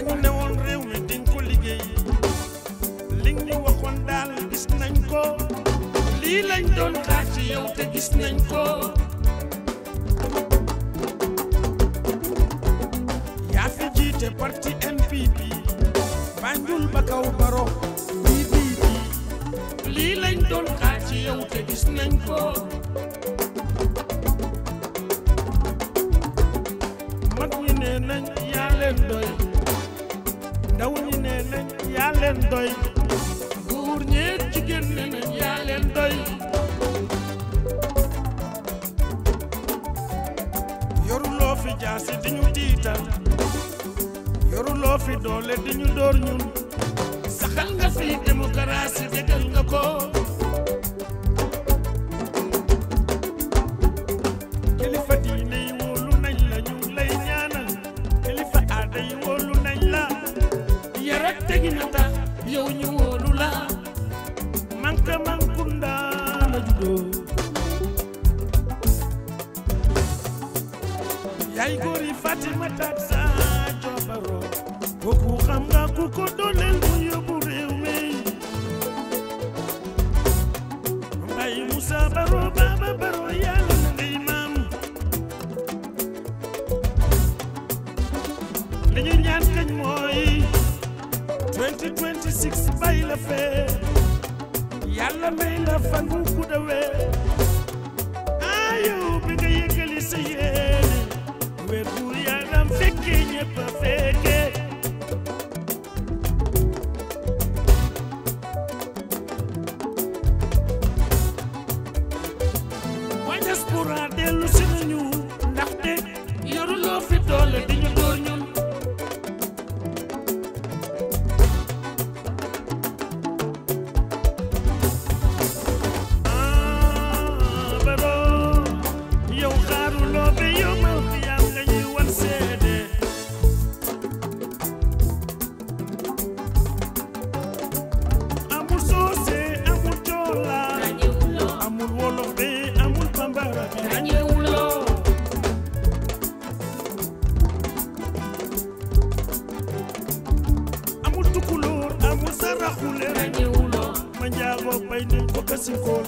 wax ñu ne woon réew li ñu waxoon gis nañ ko lii lañ doon xaar ci yow te gis nañ ko yaa fi jiite parti NPP mag ñi ne nañ yaa leen doy yaa leen doy góor ñeeg jigéen ne nañ yaa leen doy yoruloo fi jaasi di ñu diital yoruloo fi doole di ñu dóor ñun saxal nga fi démocratie déggal nga ko do yaay góori Fatima Tatsa Jobaro kooku xam nga ku ko dooleel mu yóbbu réew mi mbay Moussa Baro Baba Baro yàlla na ngay li ñu ñaan kañ mooy 2026 bay la fee fangu ku dawe ayow bi nga yëgali sa yéene wér bu yaram fekke ñëpp a fekke waa diaspora dellu si nañu ndaxte yoruloo fi doole di amul wolof be amul pambara bi ràññewuloo amul tukulóor amul saraxule ràññewuloo ma njaago bay nin ko kasinkool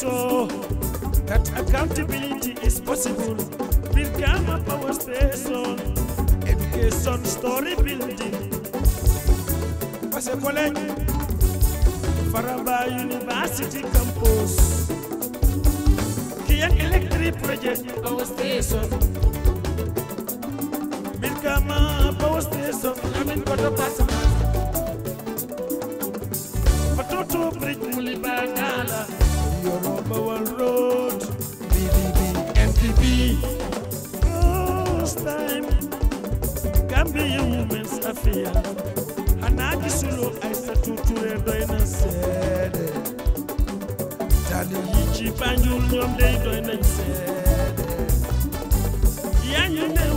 show that accountability is possible. Birkama Power Station, Education Story Building, Pase Faraba University Campus, Kian Electric Project, Power Station, Birkama Power Station, Amin Kotopara. Gambie. Stein, Gambie Women's Affairs. Xanaa gisuloo Aïssatou Touré doy na seede. Tali yi ci Banjul ñoom day doy nañ seede. Yaa ñu ne